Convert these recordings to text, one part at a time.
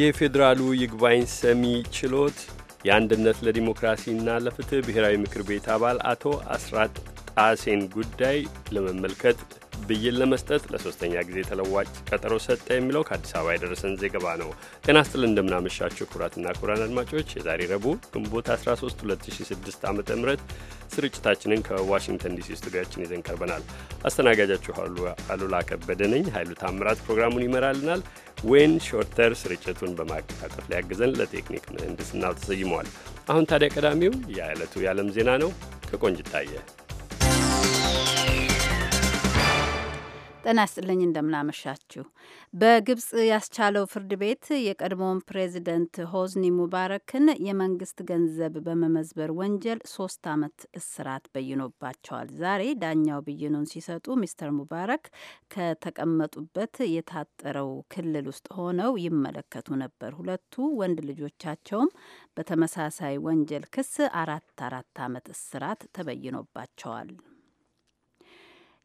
የፌዴራሉ ይግባኝ ሰሚ ችሎት የአንድነት ለዲሞክራሲና ለፍትህ ብሔራዊ ምክር ቤት አባል አቶ አስራት ጣሴን ጉዳይ ለመመልከት ብይን ለመስጠት ለሶስተኛ ጊዜ ተለዋጭ ቀጠሮ ሰጠ የሚለው ከአዲስ አበባ የደረሰን ዘገባ ነው። ጤና ስጥል እንደምናመሻቸው ክቡራትና ክቡራን አድማጮች የዛሬ ረቡዕ ግንቦት 13 2006 ዓ ም ስርጭታችንን ከዋሽንግተን ዲሲ ስቱዲያችን ይዘን ቀርበናል። አስተናጋጃችሁ አሉላ ከበደ ነኝ። ኃይሉ ታምራት ፕሮግራሙን ይመራልናል። ዌን ሾርተር ስርጭቱን በማቀላጠፍ ሊያግዘን ለቴክኒክ ምህንድስና ተሰይመዋል። አሁን ታዲያ ቀዳሚው የዕለቱ የዓለም ዜና ነው። ከቆንጅታየ ጤና ይስጥልኝ እንደምናመሻችሁ። በግብጽ ያስቻለው ፍርድ ቤት የቀድሞውን ፕሬዚደንት ሆዝኒ ሙባረክን የመንግስት ገንዘብ በመመዝበር ወንጀል ሶስት ዓመት እስራት በይኖባቸዋል። ዛሬ ዳኛው ብይኑን ሲሰጡ ሚስተር ሙባረክ ከተቀመጡበት የታጠረው ክልል ውስጥ ሆነው ይመለከቱ ነበር። ሁለቱ ወንድ ልጆቻቸውም በተመሳሳይ ወንጀል ክስ አራት አራት ዓመት እስራት ተበይኖባቸዋል።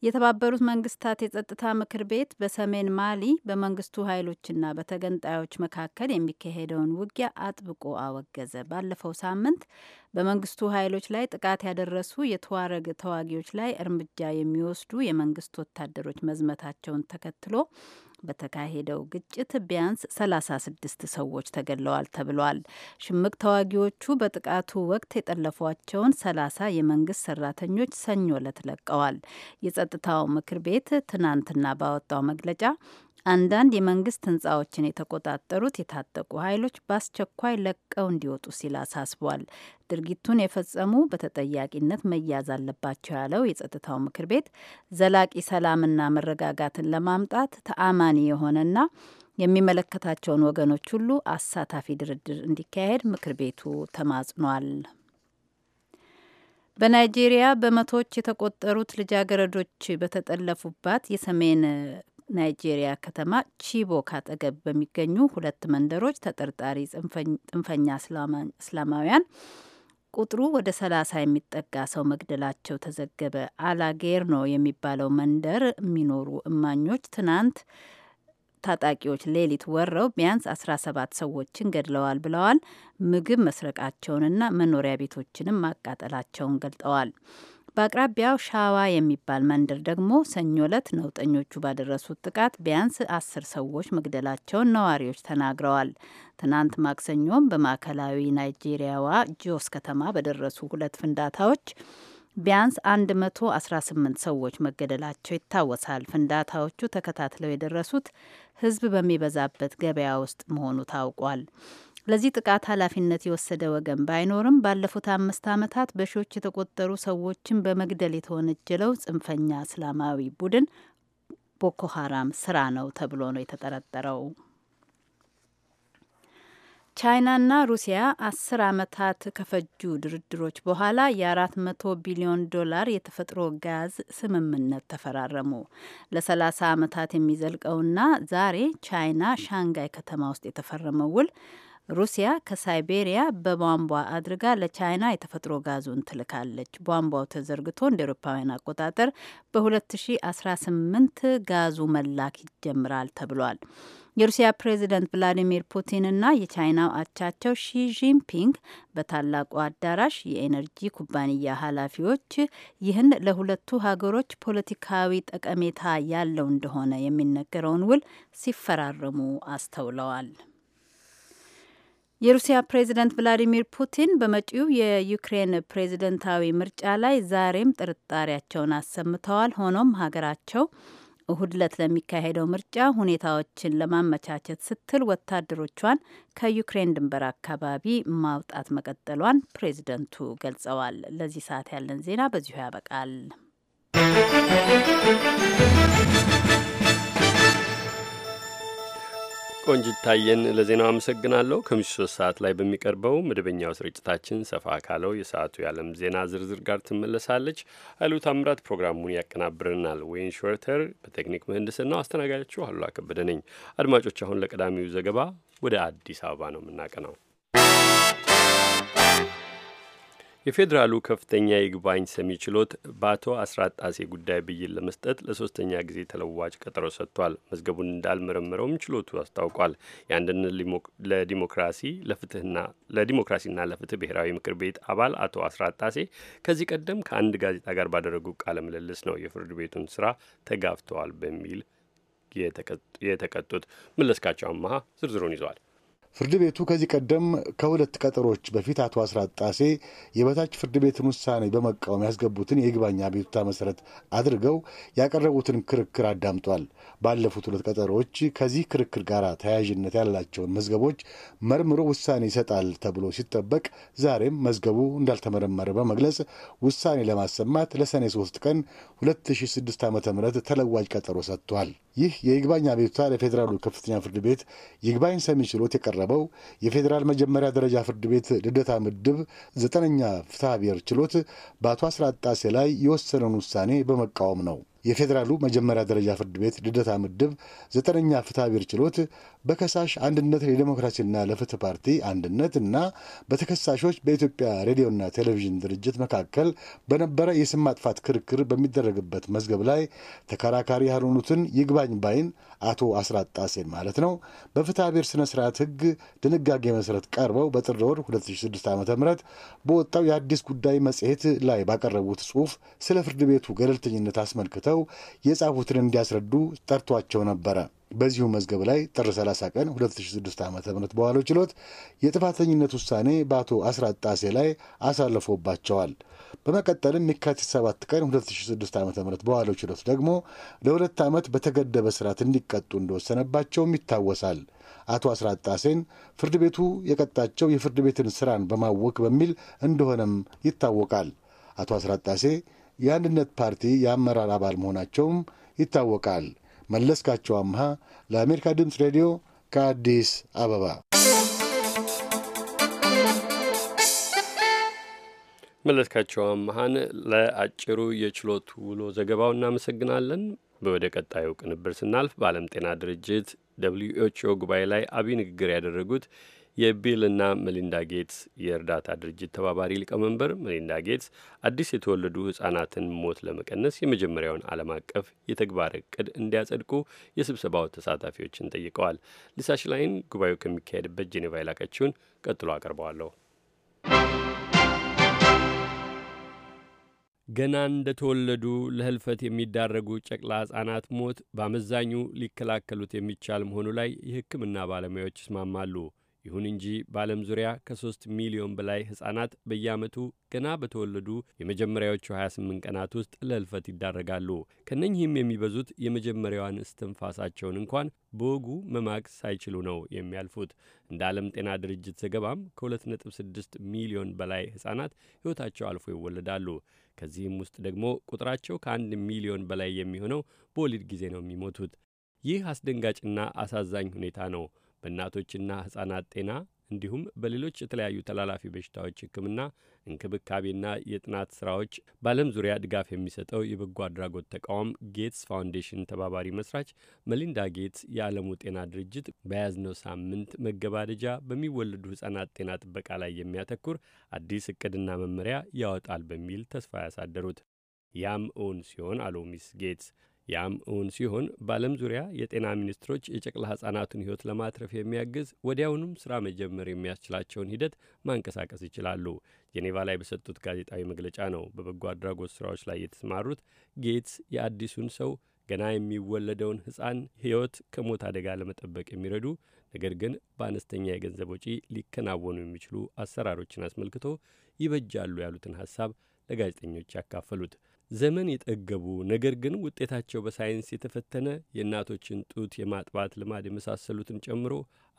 የተባበሩት መንግስታት የጸጥታ ምክር ቤት በሰሜን ማሊ በመንግስቱ ኃይሎችና በተገንጣዮች መካከል የሚካሄደውን ውጊያ አጥብቆ አወገዘ። ባለፈው ሳምንት በመንግስቱ ኃይሎች ላይ ጥቃት ያደረሱ የተዋረግ ተዋጊዎች ላይ እርምጃ የሚወስዱ የመንግስት ወታደሮች መዝመታቸውን ተከትሎ በተካሄደው ግጭት ቢያንስ 36 ሰዎች ተገድለዋል ተብሏል። ሽምቅ ተዋጊዎቹ በጥቃቱ ወቅት የጠለፏቸውን 30 የመንግስት ሰራተኞች ሰኞ ዕለት ለቀዋል። የጸጥታው ምክር ቤት ትናንትና ባወጣው መግለጫ አንዳንድ የመንግስት ህንፃዎችን የተቆጣጠሩት የታጠቁ ኃይሎች በአስቸኳይ ለቀው እንዲወጡ ሲል አሳስቧል። ድርጊቱን የፈጸሙ በተጠያቂነት መያዝ አለባቸው ያለው የጸጥታው ምክር ቤት ዘላቂ ሰላምና መረጋጋትን ለማምጣት ተአማኒ የሆነና የሚመለከታቸውን ወገኖች ሁሉ አሳታፊ ድርድር እንዲካሄድ ምክር ቤቱ ተማጽኗል። በናይጄሪያ በመቶዎች የተቆጠሩት ልጃገረዶች በተጠለፉባት የሰሜን ናይጄሪያ ከተማ ቺቦክ አጠገብ በሚገኙ ሁለት መንደሮች ተጠርጣሪ ጽንፈኛ እስላማውያን ቁጥሩ ወደ ሰላሳ የሚጠጋ ሰው መግደላቸው ተዘገበ። አላጌርኖ የሚባለው መንደር የሚኖሩ እማኞች ትናንት ታጣቂዎች ሌሊት ወረው ቢያንስ ሰባት ሰዎችን ገድለዋል ብለዋል። ምግብ መስረቃቸውንና መኖሪያ ቤቶችንም ማቃጠላቸውን ገልጠዋል። በአቅራቢያው ሻዋ የሚባል መንደር ደግሞ ሰኞ ዕለት ነውጠኞቹ ባደረሱት ጥቃት ቢያንስ አስር ሰዎች መግደላቸውን ነዋሪዎች ተናግረዋል። ትናንት ማክሰኞም በማዕከላዊ ናይጄሪያዋ ጆስ ከተማ በደረሱ ሁለት ፍንዳታዎች ቢያንስ 118 ሰዎች መገደላቸው ይታወሳል። ፍንዳታዎቹ ተከታትለው የደረሱት ሕዝብ በሚበዛበት ገበያ ውስጥ መሆኑ ታውቋል። ለዚህ ጥቃት ኃላፊነት የወሰደ ወገን ባይኖርም ባለፉት አምስት ዓመታት በሺዎች የተቆጠሩ ሰዎችን በመግደል የተወነጀለው ጽንፈኛ እስላማዊ ቡድን ቦኮ ሀራም ስራ ነው ተብሎ ነው የተጠረጠረው። ቻይናና ሩሲያ አስር ዓመታት ከፈጁ ድርድሮች በኋላ የ400 ቢሊዮን ዶላር የተፈጥሮ ጋዝ ስምምነት ተፈራረሙ። ለ30 ዓመታት የሚዘልቀውና ዛሬ ቻይና ሻንጋይ ከተማ ውስጥ የተፈረመው ውል ሩሲያ ከሳይቤሪያ በቧንቧ አድርጋ ለቻይና የተፈጥሮ ጋዙን ትልካለች። ቧንቧው ተዘርግቶ እንደ ኤሮፓውያን አቆጣጠር በ2018 ጋዙ መላክ ይጀምራል ተብሏል። የሩሲያ ፕሬዚደንት ቭላዲሚር ፑቲንና የቻይናው አቻቸው ሺ ጂንፒንግ በታላቁ አዳራሽ የኤነርጂ ኩባንያ ኃላፊዎች ይህን ለሁለቱ ሀገሮች ፖለቲካዊ ጠቀሜታ ያለው እንደሆነ የሚነገረውን ውል ሲፈራረሙ አስተውለዋል። የሩሲያ ፕሬዚደንት ቭላዲሚር ፑቲን በመጪው የዩክሬን ፕሬዝደንታዊ ምርጫ ላይ ዛሬም ጥርጣሬያቸውን አሰምተዋል። ሆኖም ሀገራቸው እሁድ ዕለት ለሚካሄደው ምርጫ ሁኔታዎችን ለማመቻቸት ስትል ወታደሮቿን ከዩክሬን ድንበር አካባቢ ማውጣት መቀጠሏን ፕሬዝደንቱ ገልጸዋል። ለዚህ ሰዓት ያለን ዜና በዚሁ ያበቃል። ቆንጅታየን ለዜናው አመሰግናለሁ። ከምሽቱ ሶስት ሰዓት ላይ በሚቀርበው መደበኛው ስርጭታችን ሰፋ ካለው የሰዓቱ የዓለም ዜና ዝርዝር ጋር ትመለሳለች። ኃይሉ ታምራት ፕሮግራሙን ያቀናብርናል። ወይን ሾርተር በቴክኒክ ምህንድስናው አስተናጋጃችሁ አሉላ ከበደ ነኝ። አድማጮች፣ አሁን ለቀዳሚው ዘገባ ወደ አዲስ አበባ ነው የምናቀናው። የፌዴራሉ ከፍተኛ ይግባኝ ሰሚ ችሎት በአቶ አስራት ጣሴ ጉዳይ ብይን ለመስጠት ለሶስተኛ ጊዜ ተለዋጭ ቀጠሮ ሰጥቷል። መዝገቡን እንዳልመረመረውም ችሎቱ አስታውቋል። የአንድነት ለዲሞክራሲ ለፍትህና ለዲሞክራሲና ለፍትህ ብሔራዊ ምክር ቤት አባል አቶ አስራት ጣሴ ከዚህ ቀደም ከአንድ ጋዜጣ ጋር ባደረጉ ቃለ ምልልስ ነው የፍርድ ቤቱን ስራ ተጋፍተዋል በሚል የተቀጡት። መለስካቸው አመሀ ዝርዝሩን ይዘዋል። ፍርድ ቤቱ ከዚህ ቀደም ከሁለት ቀጠሮች በፊት አቶ አስራት ጣሴ የበታች ፍርድ ቤትን ውሳኔ በመቃወም ያስገቡትን የይግባኝ አቤቱታ መሰረት አድርገው ያቀረቡትን ክርክር አዳምጧል። ባለፉት ሁለት ቀጠሮዎች ከዚህ ክርክር ጋር ተያያዥነት ያላቸውን መዝገቦች መርምሮ ውሳኔ ይሰጣል ተብሎ ሲጠበቅ ዛሬም መዝገቡ እንዳልተመረመረ በመግለጽ ውሳኔ ለማሰማት ለሰኔ 3 ቀን 2006 ዓ ም ተለዋጅ ቀጠሮ ሰጥቷል። ይህ የይግባኝ አቤቱታ ለፌዴራሉ ከፍተኛ ፍርድ ቤት ይግባኝ ሰሚ ችሎት የቀረበው የፌዴራል መጀመሪያ ደረጃ ፍርድ ቤት ልደታ ምድብ ዘጠነኛ ፍትሐ ብሔር ችሎት በአቶ አስራት ጣሴ ላይ የወሰነውን ውሳኔ በመቃወም ነው። የፌዴራሉ መጀመሪያ ደረጃ ፍርድ ቤት ልደታ ምድብ ዘጠነኛ ፍትሐብሔር ችሎት በከሳሽ አንድነት ለዲሞክራሲና ለፍትህ ፓርቲ አንድነት እና በተከሳሾች በኢትዮጵያ ሬዲዮና ቴሌቪዥን ድርጅት መካከል በነበረ የስም ማጥፋት ክርክር በሚደረግበት መዝገብ ላይ ተከራካሪ ያልሆኑትን ይግባኝ ባይን አቶ አስራት ጣሴን ማለት ነው በፍትሐብሔር ስነ ስርዓት ህግ ድንጋጌ መሰረት ቀርበው በጥር ወር 2006 ዓ ም በወጣው የአዲስ ጉዳይ መጽሔት ላይ ባቀረቡት ጽሑፍ ስለ ፍርድ ቤቱ ገለልተኝነት አስመልክተው ተከታትለው የጻፉትን እንዲያስረዱ ጠርቷቸው ነበረ። በዚሁ መዝገብ ላይ ጥር 30 ቀን 2006 ዓ ም በዋለው ችሎት የጥፋተኝነት ውሳኔ በአቶ አስራት ጣሴ ላይ አሳልፎባቸዋል። በመቀጠልም የካቲት 7 ቀን 2006 ዓ ም በዋለው ችሎት ደግሞ ለሁለት ዓመት በተገደበ ስርዓት እንዲቀጡ እንደወሰነባቸውም ይታወሳል። አቶ አስራት ጣሴን ፍርድ ቤቱ የቀጣቸው የፍርድ ቤትን ስራን በማወክ በሚል እንደሆነም ይታወቃል። አቶ አስራት ጣሴ የአንድነት ፓርቲ የአመራር አባል መሆናቸውም ይታወቃል። መለስካቸው አምሃ ለአሜሪካ ድምፅ ሬዲዮ ከአዲስ አበባ። መለስካቸው አምሃን ለአጭሩ የችሎት ውሎ ዘገባው እናመሰግናለን። ወደ ቀጣዩ ቅንብር ስናልፍ በዓለም ጤና ድርጅት ደብልዩ ኤች ኦ ጉባኤ ላይ አብይ ንግግር ያደረጉት የቢልና መሊንዳ ጌትስ የእርዳታ ድርጅት ተባባሪ ሊቀመንበር መሊንዳ ጌትስ አዲስ የተወለዱ ህጻናትን ሞት ለመቀነስ የመጀመሪያውን ዓለም አቀፍ የተግባር እቅድ እንዲያጸድቁ የስብሰባው ተሳታፊዎችን ጠይቀዋል። ሊሳ ሽላይን ጉባኤው ከሚካሄድበት ጄኔቫ የላከችውን ቀጥሎ አቀርበዋለሁ። ገና እንደተወለዱ ለህልፈት የሚዳረጉ ጨቅላ ህጻናት ሞት በአመዛኙ ሊከላከሉት የሚቻል መሆኑ ላይ የሕክምና ባለሙያዎች ይስማማሉ። ይሁን እንጂ በዓለም ዙሪያ ከሶስት ሚሊዮን በላይ ሕፃናት በየዓመቱ ገና በተወለዱ የመጀመሪያዎቹ 28 ቀናት ውስጥ ለልፈት ይዳረጋሉ። ከነኚህም የሚበዙት የመጀመሪያዋን እስትንፋሳቸውን እንኳን በወጉ መማቅ ሳይችሉ ነው የሚያልፉት። እንደ ዓለም ጤና ድርጅት ዘገባም ከ2.6 ሚሊዮን በላይ ሕፃናት ሕይወታቸው አልፎ ይወለዳሉ። ከዚህም ውስጥ ደግሞ ቁጥራቸው ከአንድ ሚሊዮን በላይ የሚሆነው በወሊድ ጊዜ ነው የሚሞቱት። ይህ አስደንጋጭና አሳዛኝ ሁኔታ ነው። በእናቶችና ሕፃናት ጤና እንዲሁም በሌሎች የተለያዩ ተላላፊ በሽታዎች ሕክምና እንክብካቤና የጥናት ስራዎች በዓለም ዙሪያ ድጋፍ የሚሰጠው የበጎ አድራጎት ተቃውም ጌትስ ፋውንዴሽን ተባባሪ መስራች መሊንዳ ጌትስ የዓለሙ ጤና ድርጅት በያዝነው ሳምንት መገባደጃ በሚወለዱ ሕፃናት ጤና ጥበቃ ላይ የሚያተኩር አዲስ እቅድና መመሪያ ያወጣል በሚል ተስፋ ያሳደሩት ያም እውን ሲሆን አሉ ሚስ ጌትስ ያም እውን ሲሆን በዓለም ዙሪያ የጤና ሚኒስትሮች የጨቅላ ሕፃናቱን ሕይወት ለማትረፍ የሚያግዝ ወዲያውኑም ሥራ መጀመር የሚያስችላቸውን ሂደት ማንቀሳቀስ ይችላሉ። ጄኔቫ ላይ በሰጡት ጋዜጣዊ መግለጫ ነው በበጎ አድራጎት ሥራዎች ላይ የተሰማሩት ጌትስ የአዲሱን ሰው ገና የሚወለደውን ሕፃን ሕይወት ከሞት አደጋ ለመጠበቅ የሚረዱ ነገር ግን በአነስተኛ የገንዘብ ወጪ ሊከናወኑ የሚችሉ አሰራሮችን አስመልክቶ ይበጃሉ ያሉትን ሐሳብ ለጋዜጠኞች ያካፈሉት ዘመን የጠገቡ ነገር ግን ውጤታቸው በሳይንስ የተፈተነ የእናቶችን ጡት የማጥባት ልማድ የመሳሰሉትን ጨምሮ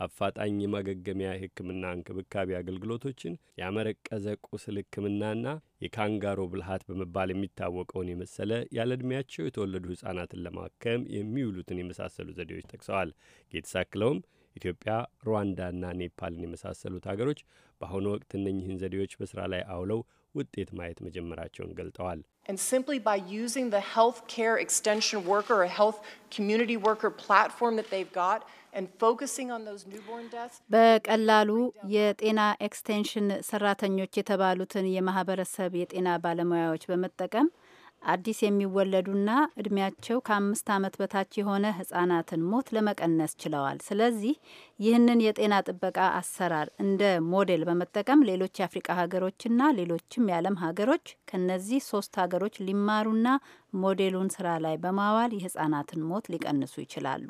አፋጣኝ የማገገሚያ ሕክምና እንክብካቤ አገልግሎቶችን ያመረቀዘ ቁስል ሕክምናና የካንጋሮ ብልሃት በመባል የሚታወቀውን የመሰለ ያለ ዕድሜያቸው የተወለዱ ሕፃናትን ለማከም የሚውሉትን የመሳሰሉ ዘዴዎች ጠቅሰዋል። ጌትስ አክለውም ኢትዮጵያ፣ ሩዋንዳና ኔፓልን የመሳሰሉት አገሮች በአሁኑ ወቅት እነኝህን ዘዴዎች በሥራ ላይ አውለው ውጤት ማየት መጀመራቸውን ገልጠዋል። And simply by using the health care extension worker or health community worker platform that they've got, በቀላሉ የጤና ኤክስቴንሽን ሰራተኞች የተባሉትን የማህበረሰብ የጤና ባለሙያዎች በመጠቀም አዲስ የሚወለዱና እድሜያቸው ከአምስት ዓመት በታች የሆነ ህጻናትን ሞት ለመቀነስ ችለዋል። ስለዚህ ይህንን የጤና ጥበቃ አሰራር እንደ ሞዴል በመጠቀም ሌሎች የአፍሪቃ ሀገሮችና ሌሎችም የዓለም ሀገሮች ከነዚህ ሶስት ሀገሮች ሊማሩና ሞዴሉን ስራ ላይ በማዋል የህጻናትን ሞት ሊቀንሱ ይችላሉ።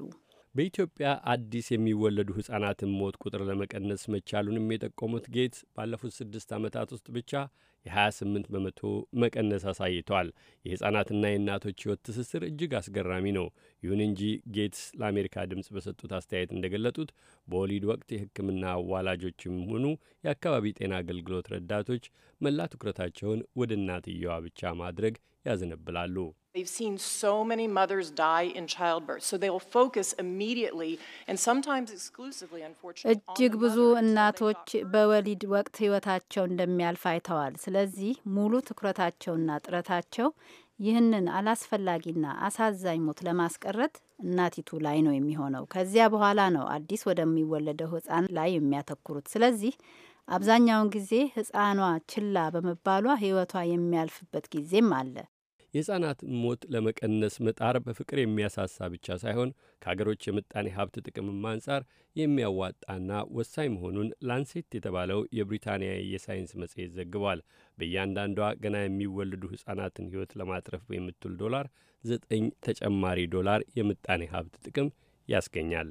በኢትዮጵያ አዲስ የሚወለዱ ህጻናትን ሞት ቁጥር ለመቀነስ መቻሉንም የጠቆሙት ጌት ባለፉት ስድስት ዓመታት ውስጥ ብቻ የ28 በመቶ መቀነስ አሳይቷል። የሕፃናትና የእናቶች ሕይወት ትስስር እጅግ አስገራሚ ነው። ይሁን እንጂ ጌትስ ለአሜሪካ ድምፅ በሰጡት አስተያየት እንደገለጡት በወሊድ ወቅት የሕክምና አዋላጆችም ሆኑ የአካባቢ ጤና አገልግሎት ረዳቶች መላ ትኩረታቸውን ወደ እናትየዋ ብቻ ማድረግ ያዘነብላሉ። እጅግ ብዙ እናቶች በወሊድ ወቅት ሕይወታቸው እንደሚያልፍ አይተዋል። ስለዚህ ሙሉ ትኩረታቸውና ጥረታቸው ይህንን አላስፈላጊና አሳዛኝ ሞት ለማስቀረት እናቲቱ ላይ ነው የሚሆነው። ከዚያ በኋላ ነው አዲስ ወደሚወለደው ሕፃን ላይ የሚያተኩሩት። ስለዚህ አብዛኛውን ጊዜ ሕፃኗ ችላ በመባሏ ሕይወቷ የሚያልፍበት ጊዜም አለ። የሕፃናት ሞት ለመቀነስ መጣር በፍቅር የሚያሳሳ ብቻ ሳይሆን ከአገሮች የምጣኔ ሀብት ጥቅምም አንጻር የሚያዋጣና ወሳኝ መሆኑን ላንሴት የተባለው የብሪታንያ የሳይንስ መጽሔት ዘግቧል። በእያንዳንዷ ገና የሚወልዱ ሕፃናትን ሕይወት ለማትረፍ የምትውል ዶላር ዘጠኝ ተጨማሪ ዶላር የምጣኔ ሀብት ጥቅም ያስገኛል።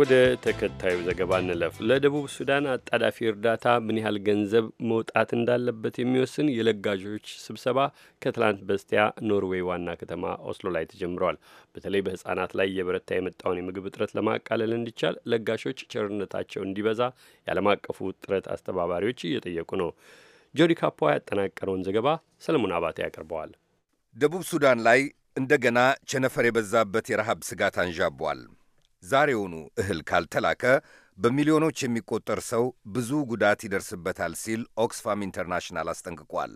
ወደ ተከታዩ ዘገባ እንለፍ። ለደቡብ ሱዳን አጣዳፊ እርዳታ ምን ያህል ገንዘብ መውጣት እንዳለበት የሚወስን የለጋዦች ስብሰባ ከትላንት በስቲያ ኖርዌይ ዋና ከተማ ኦስሎ ላይ ተጀምረዋል። በተለይ በሕፃናት ላይ የበረታ የመጣውን የምግብ እጥረት ለማቃለል እንዲቻል ለጋሾች ቸርነታቸው እንዲበዛ የዓለም አቀፉ ጥረት አስተባባሪዎች እየጠየቁ ነው። ጆዲ ካፖ ያጠናቀረውን ዘገባ ሰለሞን አባተ ያቀርበዋል። ደቡብ ሱዳን ላይ እንደገና ቸነፈር የበዛበት የረሃብ ስጋት አንዣቧል። ዛሬውኑ እህል ካልተላከ በሚሊዮኖች የሚቆጠር ሰው ብዙ ጉዳት ይደርስበታል ሲል ኦክስፋም ኢንተርናሽናል አስጠንቅቋል።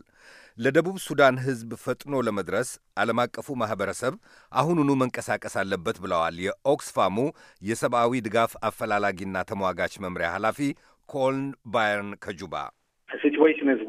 ለደቡብ ሱዳን ሕዝብ ፈጥኖ ለመድረስ ዓለም አቀፉ ማኅበረሰብ አሁኑኑ መንቀሳቀስ አለበት ብለዋል የኦክስፋሙ የሰብአዊ ድጋፍ አፈላላጊና ተሟጋች መምሪያ ኃላፊ ኮልን ባየርን ከጁባ አስራ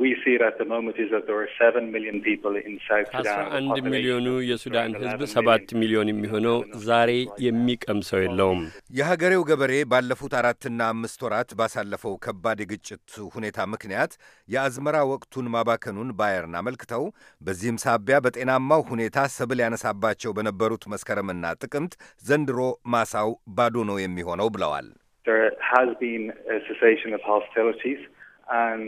አንድ ሚሊዮኑ የሱዳን ህዝብ ሰባት ሚሊዮን የሚሆነው ዛሬ የሚቀምሰው የለውም። የሀገሬው ገበሬ ባለፉት አራትና አምስት ወራት ባሳለፈው ከባድ የግጭት ሁኔታ ምክንያት የአዝመራ ወቅቱን ማባከኑን ባየርን አመልክተው በዚህም ሳቢያ በጤናማው ሁኔታ ሰብል ያነሳባቸው በነበሩት መስከረምና ጥቅምት ዘንድሮ ማሳው ባዶ ነው የሚሆነው ብለዋል። Uh,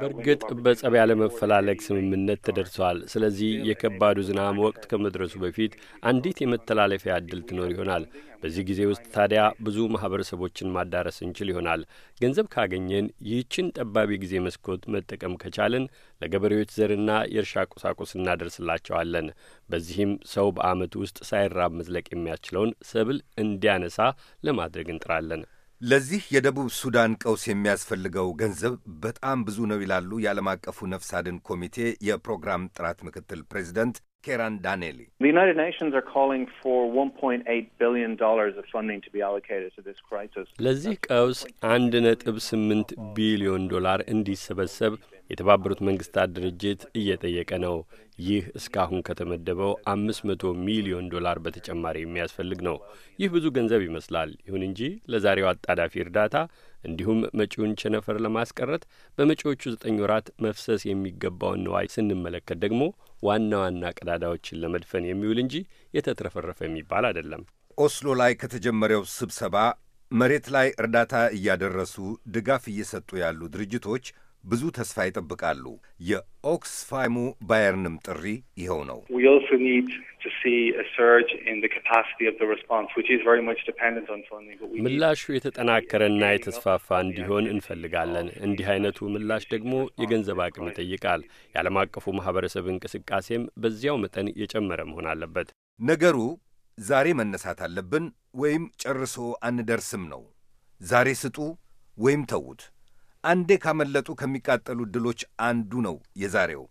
በእርግጥ በጸብ ያለመፈላለግ ስምምነት ተደርሷል። ስለዚህ የከባዱ ዝናብ ወቅት ከመድረሱ በፊት አንዲት የመተላለፊያ እድል ትኖር ይሆናል። በዚህ ጊዜ ውስጥ ታዲያ ብዙ ማህበረሰቦችን ማዳረስ እንችል ይሆናል። ገንዘብ ካገኘን ይህችን ጠባብ የጊዜ መስኮት መጠቀም ከቻልን ለገበሬዎች ዘርና የእርሻ ቁሳቁስ እናደርስላቸዋለን። በዚህም ሰው በአመት ውስጥ ሳይራብ መዝለቅ የሚያስችለውን ሰብል እንዲያነሳ ለማድረግ እንጥራለን። ለዚህ የደቡብ ሱዳን ቀውስ የሚያስፈልገው ገንዘብ በጣም ብዙ ነው ይላሉ የዓለም አቀፉ ነፍስ አድን ኮሚቴ የፕሮግራም ጥራት ምክትል ፕሬዚደንት ኬራን ዳኔሊ። ለዚህ ቀውስ አንድ ነጥብ ስምንት ቢሊዮን ዶላር እንዲሰበሰብ የተባበሩት መንግስታት ድርጅት እየጠየቀ ነው። ይህ እስካሁን ከተመደበው አምስት መቶ ሚሊዮን ዶላር በተጨማሪ የሚያስፈልግ ነው። ይህ ብዙ ገንዘብ ይመስላል። ይሁን እንጂ ለዛሬው አጣዳፊ እርዳታ እንዲሁም መጪውን ቸነፈር ለማስቀረት በመጪዎቹ ዘጠኝ ወራት መፍሰስ የሚገባውን ነዋይ ስንመለከት ደግሞ ዋና ዋና ቀዳዳዎችን ለመድፈን የሚውል እንጂ የተትረፈረፈ የሚባል አይደለም። ኦስሎ ላይ ከተጀመረው ስብሰባ መሬት ላይ እርዳታ እያደረሱ ድጋፍ እየሰጡ ያሉ ድርጅቶች ብዙ ተስፋ ይጠብቃሉ። የኦክስፋሙ ባየርንም ጥሪ ይኸው ነው። ምላሹ የተጠናከረና የተስፋፋ እንዲሆን እንፈልጋለን። እንዲህ አይነቱ ምላሽ ደግሞ የገንዘብ አቅም ይጠይቃል። የዓለም አቀፉ ማህበረሰብ እንቅስቃሴም በዚያው መጠን የጨመረ መሆን አለበት። ነገሩ ዛሬ መነሳት አለብን ወይም ጨርሶ አንደርስም ነው። ዛሬ ስጡ ወይም ተዉት። አንዴ ካመለጡ ከሚቃጠሉ ድሎች አንዱ ነው የዛሬው።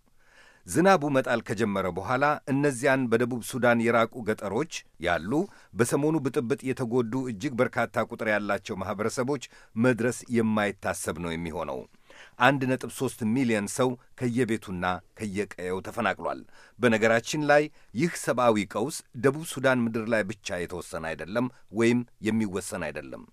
ዝናቡ መጣል ከጀመረ በኋላ እነዚያን በደቡብ ሱዳን የራቁ ገጠሮች ያሉ በሰሞኑ ብጥብጥ የተጎዱ እጅግ በርካታ ቁጥር ያላቸው ማኅበረሰቦች መድረስ የማይታሰብ ነው የሚሆነው። አንድ ነጥብ ሦስት ሚሊዮን ሰው ከየቤቱና ከየቀየው ተፈናቅሏል። በነገራችን ላይ ይህ ሰብአዊ ቀውስ ደቡብ ሱዳን ምድር ላይ ብቻ የተወሰነ አይደለም ወይም የሚወሰን አይደለም።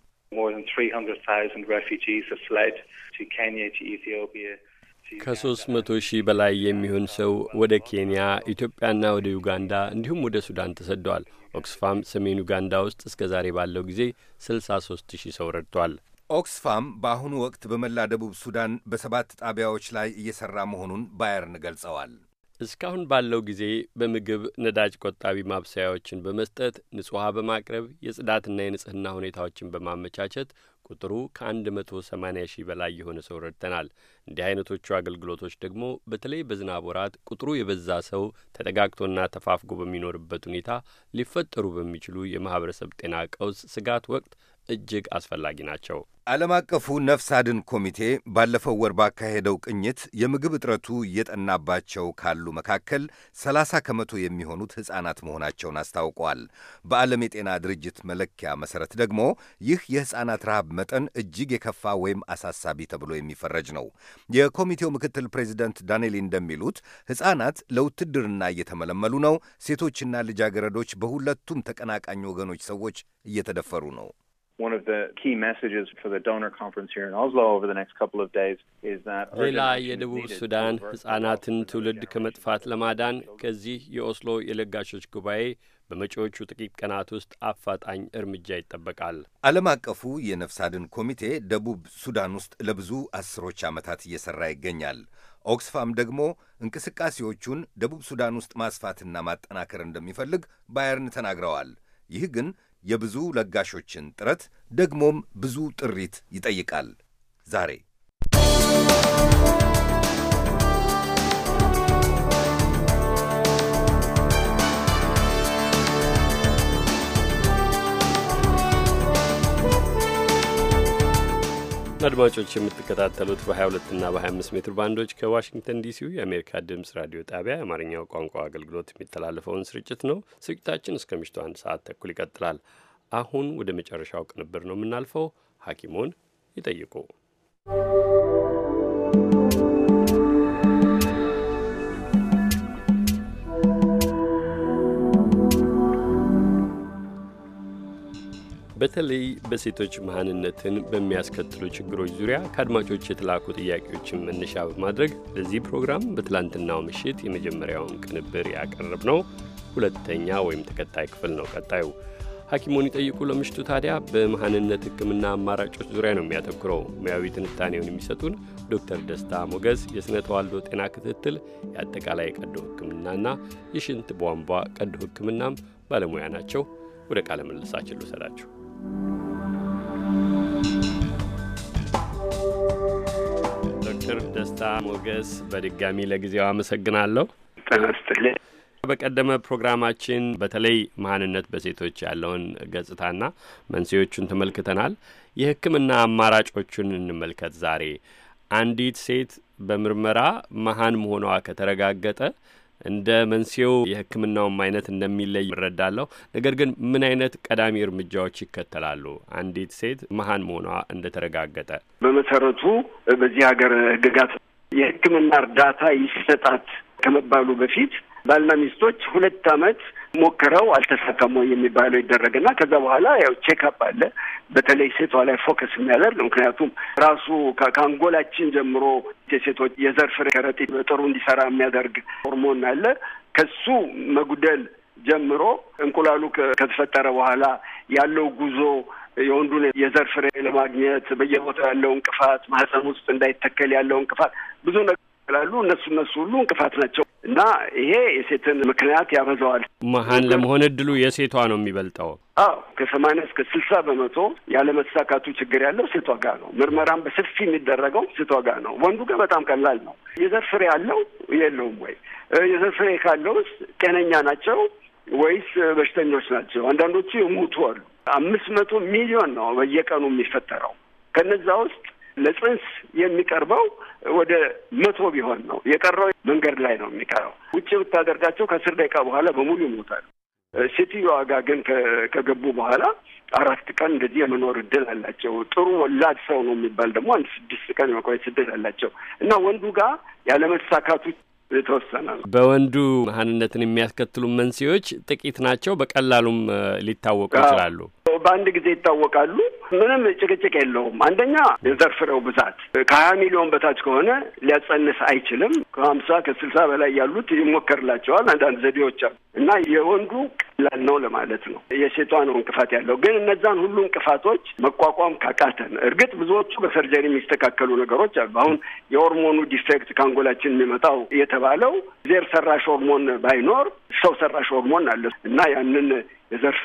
ከሶስት መቶ ሺህ በላይ የሚሆን ሰው ወደ ኬንያ፣ ኢትዮጵያና ወደ ዩጋንዳ እንዲሁም ወደ ሱዳን ተሰደዋል። ኦክስፋም ሰሜን ዩጋንዳ ውስጥ እስከ ዛሬ ባለው ጊዜ ስልሳ ሶስት ሺህ ሰው ረድቷል። ኦክስፋም በአሁኑ ወቅት በመላ ደቡብ ሱዳን በሰባት ጣቢያዎች ላይ እየሰራ መሆኑን ባየርን ገልጸዋል። እስካሁን ባለው ጊዜ በምግብ ነዳጅ ቆጣቢ ማብሰያዎችን በመስጠት ንጹህ በማቅረብ የጽዳትና የንጽህና ሁኔታዎችን በማመቻቸት ቁጥሩ ከ180 ሺህ በላይ የሆነ ሰው ረድተናል። እንዲህ አይነቶቹ አገልግሎቶች ደግሞ በተለይ በዝናብ ወራት ቁጥሩ የበዛ ሰው ተጠጋግቶና ተፋፍጎ በሚኖርበት ሁኔታ ሊፈጠሩ በሚችሉ የማህበረሰብ ጤና ቀውስ ስጋት ወቅት እጅግ አስፈላጊ ናቸው። ዓለም አቀፉ ነፍስ አድን ኮሚቴ ባለፈው ወር ባካሄደው ቅኝት የምግብ እጥረቱ እየጠናባቸው ካሉ መካከል 30 ከመቶ የሚሆኑት ሕፃናት መሆናቸውን አስታውቀዋል። በዓለም የጤና ድርጅት መለኪያ መሠረት ደግሞ ይህ የሕፃናት ረሃብ መጠን እጅግ የከፋ ወይም አሳሳቢ ተብሎ የሚፈረጅ ነው። የኮሚቴው ምክትል ፕሬዚደንት ዳንኤል እንደሚሉት ሕፃናት ለውትድርና እየተመለመሉ ነው። ሴቶችና ልጃገረዶች በሁለቱም ተቀናቃኝ ወገኖች ሰዎች እየተደፈሩ ነው። one of the key messages for the donor conference here in Oslo over the next couple of days is that ሌላ የደቡብ ሱዳን ህጻናትን ትውልድ ከመጥፋት ለማዳን ከዚህ የኦስሎ የለጋሾች ጉባኤ በመጪዎቹ ጥቂት ቀናት ውስጥ አፋጣኝ እርምጃ ይጠበቃል። ዓለም አቀፉ የነፍስ አድን ኮሚቴ ደቡብ ሱዳን ውስጥ ለብዙ አስሮች ዓመታት እየሠራ ይገኛል። ኦክስፋም ደግሞ እንቅስቃሴዎቹን ደቡብ ሱዳን ውስጥ ማስፋትና ማጠናከር እንደሚፈልግ ባየርን ተናግረዋል። ይህ ግን የብዙ ለጋሾችን ጥረት ደግሞም ብዙ ጥሪት ይጠይቃል ዛሬ አድማጮች የምትከታተሉት በ 22 እና በ25 ሜትር ባንዶች ከዋሽንግተን ዲሲው የአሜሪካ ድምፅ ራዲዮ ጣቢያ የአማርኛው ቋንቋ አገልግሎት የሚተላለፈውን ስርጭት ነው። ስርጭታችን እስከ ምሽቱ አንድ ሰዓት ተኩል ይቀጥላል። አሁን ወደ መጨረሻው ቅንብር ነው የምናልፈው። ሐኪሞን ይጠይቁ በተለይ በሴቶች መሀንነትን በሚያስከትሉ ችግሮች ዙሪያ ከአድማጮች የተላኩ ጥያቄዎችን መነሻ በማድረግ ለዚህ ፕሮግራም በትላንትናው ምሽት የመጀመሪያውን ቅንብር ያቀረብ ነው ሁለተኛ ወይም ተከታይ ክፍል ነው። ቀጣዩ ሐኪሙን ይጠይቁ ለምሽቱ ታዲያ በመሀንነት ሕክምና አማራጮች ዙሪያ ነው የሚያተኩረው። ሙያዊ ትንታኔውን የሚሰጡን ዶክተር ደስታ ሞገስ የሥነ ተዋልዶ ጤና ክትትል፣ የአጠቃላይ ቀዶ ሕክምናና የሽንት ቧንቧ ቀዶ ሕክምናም ባለሙያ ናቸው። ወደ ቃለ ምልልሳችን ልውሰዳችሁ። ዶክተር ደስታ ሞገስ በድጋሚ ለጊዜው አመሰግናለሁ። ጤና በቀደመ ፕሮግራማችን በተለይ ማንነት በሴቶች ያለውን ገጽታና መንስኤዎቹን ተመልክተናል። የሕክምና አማራጮቹን እንመልከት ዛሬ አንዲት ሴት በምርመራ መሀን መሆኗ ከተረጋገጠ እንደ መንስኤው የሕክምናውም አይነት እንደሚለይ እረዳለሁ። ነገር ግን ምን አይነት ቀዳሚ እርምጃዎች ይከተላሉ? አንዲት ሴት መሀን መሆኗ እንደተረጋገጠ በመሰረቱ በዚህ ሀገር ሕግጋት የሕክምና እርዳታ ይሰጣት ከመባሉ በፊት ባልና ሚስቶች ሁለት አመት ሞክረው አልተሳካም ወይ የሚባለው ይደረግና ከዛ በኋላ ያው ቼክአፕ አለ። በተለይ ሴቷ ላይ ፎከስ የሚያደርግ ምክንያቱም ራሱ ከአንጎላችን ጀምሮ የሴቶች የዘር ፍሬ ከረጢት በጥሩ እንዲሰራ የሚያደርግ ሆርሞን አለ። ከሱ መጉደል ጀምሮ እንቁላሉ ከተፈጠረ በኋላ ያለው ጉዞ የወንዱን የዘር ፍሬ ለማግኘት በየቦታው ያለው እንቅፋት፣ ማህፀን ውስጥ እንዳይተከል ያለው እንቅፋት ብዙ ነገር ላሉ እነሱ እነሱ ሁሉ እንቅፋት ናቸው። እና ይሄ የሴትን ምክንያት ያበዛዋል። መሀን ለመሆን እድሉ የሴቷ ነው የሚበልጠው። አዎ ከሰማንያ እስከ ስልሳ በመቶ ያለመሳካቱ ችግር ያለው ሴቷ ጋር ነው። ምርመራም በሰፊ የሚደረገው ሴቷ ጋር ነው። ወንዱ ጋር በጣም ቀላል ነው። የዘር ፍሬ ያለው የለውም ወይ? የዘር ፍሬ ካለውስ ጤነኛ ናቸው ወይስ በሽተኞች ናቸው? አንዳንዶቹ የሞቱ አሉ። አምስት መቶ ሚሊዮን ነው በየቀኑ የሚፈጠረው ከነዛ ውስጥ ለጽንስ የሚቀርበው ወደ መቶ ቢሆን ነው። የቀረው መንገድ ላይ ነው የሚቀረው። ውጭ ብታደርጋቸው ከአስር ደቂቃ በኋላ በሙሉ ይሞታሉ። ሴትዮዋ ጋር ግን ከገቡ በኋላ አራት ቀን እንደዚህ የመኖር እድል አላቸው። ጥሩ ወላድ ሰው ነው የሚባል ደግሞ አንድ ስድስት ቀን የመቆየት እድል አላቸው እና ወንዱ ጋር ያለመሳካቱ የተወሰነ ነው። በወንዱ መሀንነትን የሚያስከትሉ መንስኤዎች ጥቂት ናቸው፣ በቀላሉም ሊታወቁ ይችላሉ። በአንድ ጊዜ ይታወቃሉ። ምንም ጭቅጭቅ የለውም። አንደኛ የዘር ፍሬው ብዛት ከሀያ ሚሊዮን በታች ከሆነ ሊያጸንስ አይችልም። ከሀምሳ ከስልሳ በላይ ያሉት ይሞከርላቸዋል። አንዳንድ ዘዴዎች አሉ እና የወንዱ ቀላል ነው ለማለት ነው። የሴቷ ነው እንቅፋት ያለው። ግን እነዛን ሁሉ እንቅፋቶች መቋቋም ካቃተን፣ እርግጥ ብዙዎቹ በሰርጀሪ የሚስተካከሉ ነገሮች አሉ። አሁን የሆርሞኑ ዲፌክት ከአንጎላችን የሚመጣው የተባለው ዜር ሰራሽ ሆርሞን ባይኖር ሰው ሰራሽ ሆርሞን አለ እና ያንን የዘር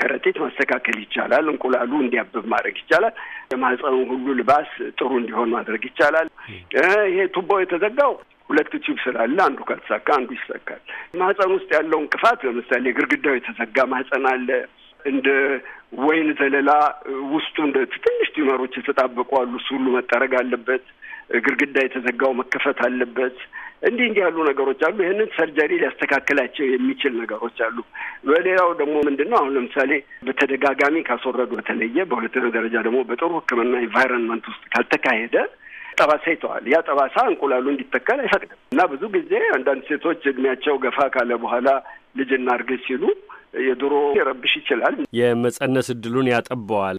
ከረጢት ማስተካከል ይቻላል። እንቁላሉ እንዲያብብ ማድረግ ይቻላል። የማህፀኑ ሁሉ ልባስ ጥሩ እንዲሆን ማድረግ ይቻላል። ይሄ ቱቦ የተዘጋው ሁለት ቲዩብ ስላለ አንዱ ካልተሳካ አንዱ ይሳካል። ማህፀን ውስጥ ያለው እንቅፋት ለምሳሌ ግርግዳው የተዘጋ ማህፀን አለ። እንደ ወይን ዘለላ ውስጡ እንደ ትንሽ ቲመሮች የተጣበቁ አሉ። እሱ ሁሉ መጠረግ አለበት። ግድግዳ የተዘጋው መከፈት አለበት። እንዲህ እንዲህ ያሉ ነገሮች አሉ። ይህንን ሰርጀሪ ሊያስተካክላቸው የሚችል ነገሮች አሉ። በሌላው ደግሞ ምንድን ነው አሁን ለምሳሌ በተደጋጋሚ ካስወረዱ በተለየ በሁለተኛ ደረጃ ደግሞ በጥሩ ሕክምና ኢንቫይሮንመንት ውስጥ ካልተካሄደ ጠባሳ ይተዋል። ያ ጠባሳ እንቁላሉ እንዲተከል አይፈቅድም እና ብዙ ጊዜ አንዳንድ ሴቶች እድሜያቸው ገፋ ካለ በኋላ ልጅ እናርግዝ ሲሉ የድሮ ሊረብሽ ይችላል። የመጸነስ እድሉን ያጠበዋል።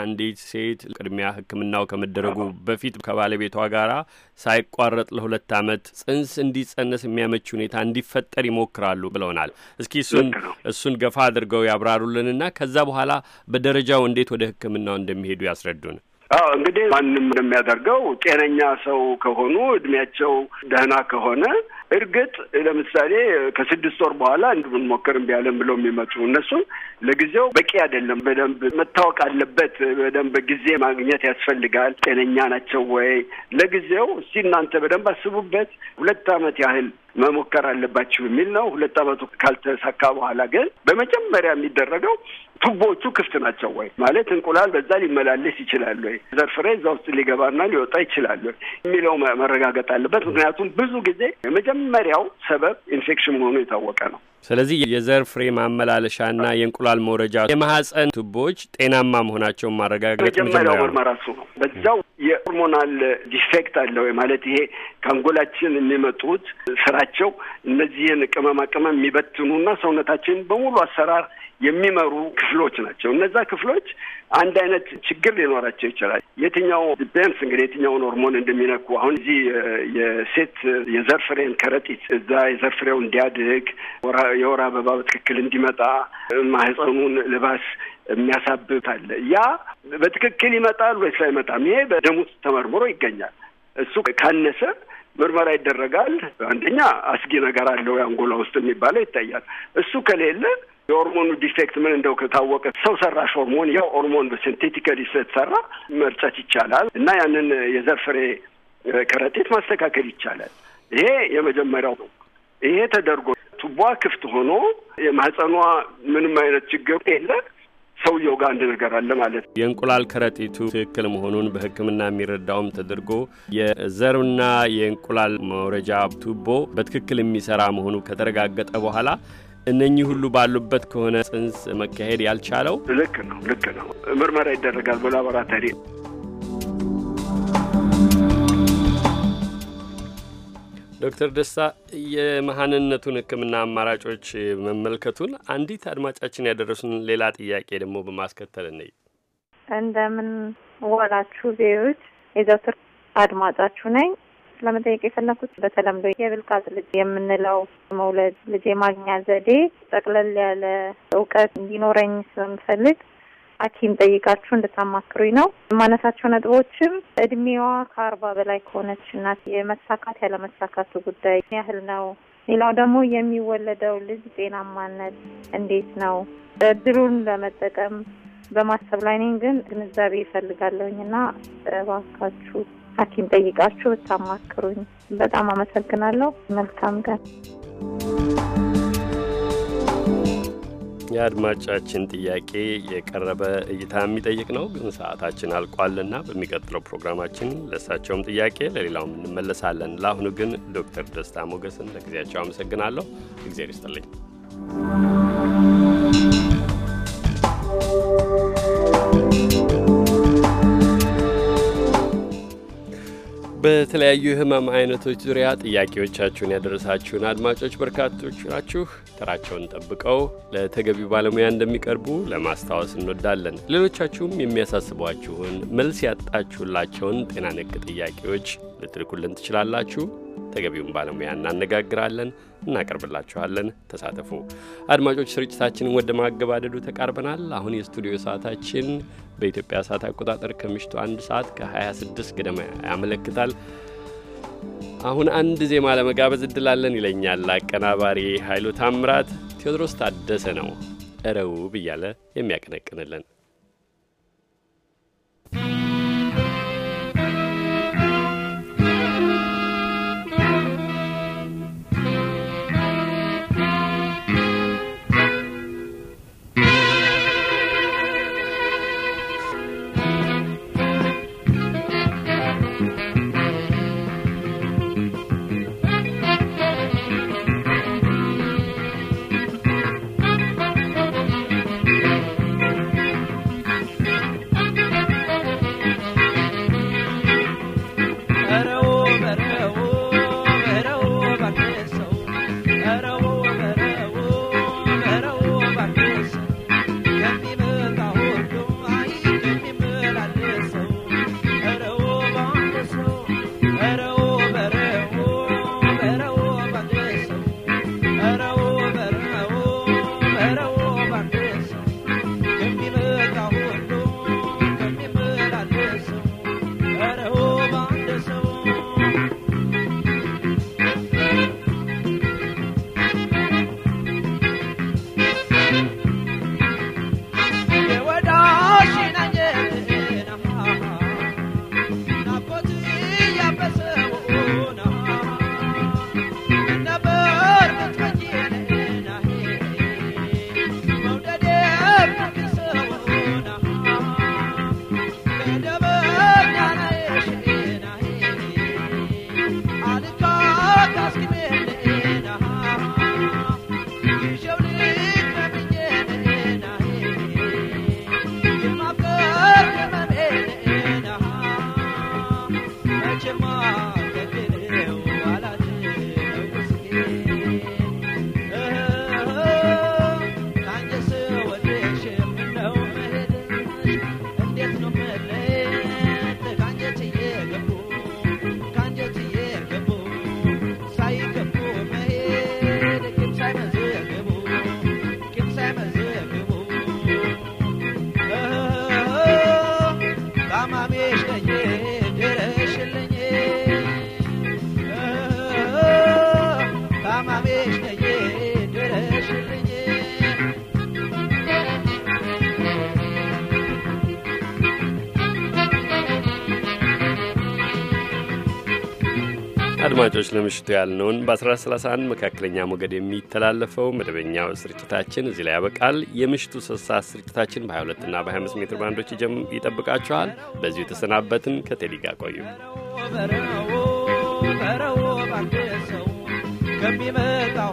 አንዲት ሴት ቅድሚያ ሕክምናው ከመደረጉ በፊት ከባለቤቷ ጋር ሳይቋረጥ ለሁለት ዓመት ጽንስ እንዲጸነስ የሚያመች ሁኔታ እንዲፈጠር ይሞክራሉ ብለውናል። እስኪ እሱን እሱን ገፋ አድርገው ያብራሩልንና ከዛ በኋላ በደረጃው እንዴት ወደ ሕክምናው እንደሚሄዱ ያስረዱን። አዎ እንግዲህ ማንም እንደሚያደርገው ጤነኛ ሰው ከሆኑ እድሜያቸው ደህና ከሆነ እርግጥ ለምሳሌ ከስድስት ወር በኋላ እንድንሞክር እምቢ አለን ብለው የሚመጡ እነሱም ለጊዜው በቂ አይደለም። በደንብ መታወቅ አለበት። በደንብ ጊዜ ማግኘት ያስፈልጋል። ጤነኛ ናቸው ወይ? ለጊዜው እስቲ እናንተ በደንብ አስቡበት፣ ሁለት ዓመት ያህል መሞከር አለባችሁ የሚል ነው። ሁለት ዓመቱ ካልተሳካ በኋላ ግን በመጀመሪያ የሚደረገው ቱቦዎቹ ክፍት ናቸው ወይ ማለት እንቁላል በዛ ሊመላለስ ይችላል ወይ፣ ዘርፍሬ እዛ ውስጥ ሊገባና ሊወጣ ይችላል ወይ የሚለው መረጋገጥ አለበት። ምክንያቱም ብዙ ጊዜ የመጀመሪያው ሰበብ ኢንፌክሽን መሆኑ የታወቀ ነው። ስለዚህ የዘር ፍሬ ማመላለሻና የእንቁላል መውረጃ የማህፀን ቱቦዎች ጤናማ መሆናቸውን ማረጋገጥ መጀመሪያው ምርመራ እሱ ነው። በዛው የሆርሞናል ዲፌክት አለ ወይ ማለት ይሄ ከአንጎላችን የሚመጡት ስራቸው እነዚህን ቅመማ ቅመም የሚበትኑና ሰውነታችን በሙሉ አሰራር የሚመሩ ክፍሎች ናቸው። እነዛ ክፍሎች አንድ አይነት ችግር ሊኖራቸው ይችላል። የትኛው ዲፔንስ እንግዲህ የትኛውን ሆርሞን እንደሚነኩ አሁን እዚህ የሴት የዘር ፍሬን ከረጢት እዛ የዘር ፍሬው እንዲያድግ ወራ የወር አበባ በትክክል እንዲመጣ ማህፀኑን ልባስ የሚያሳብብ አለ። ያ በትክክል ይመጣል ወይስ አይመጣም? ይሄ በደም ውስጥ ተመርምሮ ይገኛል። እሱ ካነሰ ምርመራ ይደረጋል። አንደኛ አስጊ ነገር አለው የአንጎላ ውስጥ የሚባለው ይታያል። እሱ ከሌለ የሆርሞኑ ዲፌክት ምን እንደው ከታወቀ ሰው ሰራሽ ሆርሞን ያው ሆርሞን በሲንቴቲካሊ ስለተሰራ መርጨት ይቻላል እና ያንን የዘር ፍሬ ከረጢት ማስተካከል ይቻላል። ይሄ የመጀመሪያው ነው። ይሄ ተደርጎ ቱቧ ክፍት ሆኖ የማህፀኗ ምንም አይነት ችግር የለ ሰውየው ጋር አንድ ነገር አለ ማለት ነው። የእንቁላል ከረጢቱ ትክክል መሆኑን በሕክምና የሚረዳውም ተደርጎ የዘርና የእንቁላል መውረጃ ቱቦ በትክክል የሚሰራ መሆኑ ከተረጋገጠ በኋላ እነኚህ ሁሉ ባሉበት ከሆነ ጽንስ መካሄድ ያልቻለው ልክ ነው። ልክ ነው። ምርመራ ይደረጋል በላቦራቶሪ ዶክተር ደስታ የመሀንነቱን ሕክምና አማራጮች መመልከቱን አንዲት አድማጫችን ያደረሱን ሌላ ጥያቄ ደግሞ በማስከተል እንይ። እንደምን ዋላችሁ ዜዎች፣ የዘውትር አድማጫችሁ ነኝ። ለመጠየቅ የፈለኩት በተለምዶ የብልቃጥ ልጅ የምንለው መውለድ ልጅ የማግኛ ዘዴ ጠቅለል ያለ እውቀት እንዲኖረኝ ስለምፈልግ ሐኪም ጠይቃችሁ እንድታማክሩኝ ነው። የማነሳቸው ነጥቦችም እድሜዋ ከአርባ በላይ ከሆነች እናት የመሳካት ያለመሳካቱ ጉዳይ ያህል ነው። ሌላው ደግሞ የሚወለደው ልጅ ጤናማነት እንዴት ነው? እድሉን ለመጠቀም በማሰብ ላይ ነኝ፣ ግን ግንዛቤ ይፈልጋለሁኝ እና እባካችሁ ሐኪም ጠይቃችሁ ብታማክሩኝ በጣም አመሰግናለሁ። መልካም ቀን። የአድማጫችን ጥያቄ የቀረበ እይታ የሚጠይቅ ነው፣ ግን ሰዓታችን አልቋልና በሚቀጥለው ፕሮግራማችን ለእሳቸውም ጥያቄ ለሌላውም እንመለሳለን። ለአሁኑ ግን ዶክተር ደስታ ሞገስን ለጊዜያቸው አመሰግናለሁ። እግዚአብሔር ይስጥልኝ። በተለያዩ የህመም አይነቶች ዙሪያ ጥያቄዎቻችሁን ያደረሳችሁን አድማጮች በርካቶች ናችሁ። ተራቸውን ጠብቀው ለተገቢው ባለሙያ እንደሚቀርቡ ለማስታወስ እንወዳለን። ሌሎቻችሁም የሚያሳስቧችሁን መልስ ያጣችሁላቸውን ጤና ነክ ጥያቄዎች ልትልኩልን ትችላላችሁ። ተገቢውን ባለሙያ እናነጋግራለን። እናቀርብላችኋለን። ተሳተፉ። አድማጮች፣ ስርጭታችንን ወደ ማገባደዱ ተቃርበናል። አሁን የስቱዲዮ ሰዓታችን በኢትዮጵያ ሰዓት አቆጣጠር ከምሽቱ አንድ ሰዓት ከ26 ገደማ ያመለክታል። አሁን አንድ ዜማ ለመጋበዝ እድላለን ይለኛል አቀናባሪ ኃይሉ ታምራት። ቴዎድሮስ ታደሰ ነው እረውብ እያለ የሚያቀነቅንልን አድማጮች ለምሽቱ ያልነውን በ1131 መካከለኛ ሞገድ የሚተላለፈው መደበኛው ስርጭታችን እዚህ ላይ ያበቃል። የምሽቱ ስሳ ስርጭታችን በ22 እና በ25 ሜትር ባንዶች ይጠብቃችኋል። በዚሁ የተሰናበትን። ከቴዲ ጋር ቆዩ። ከሚመጣው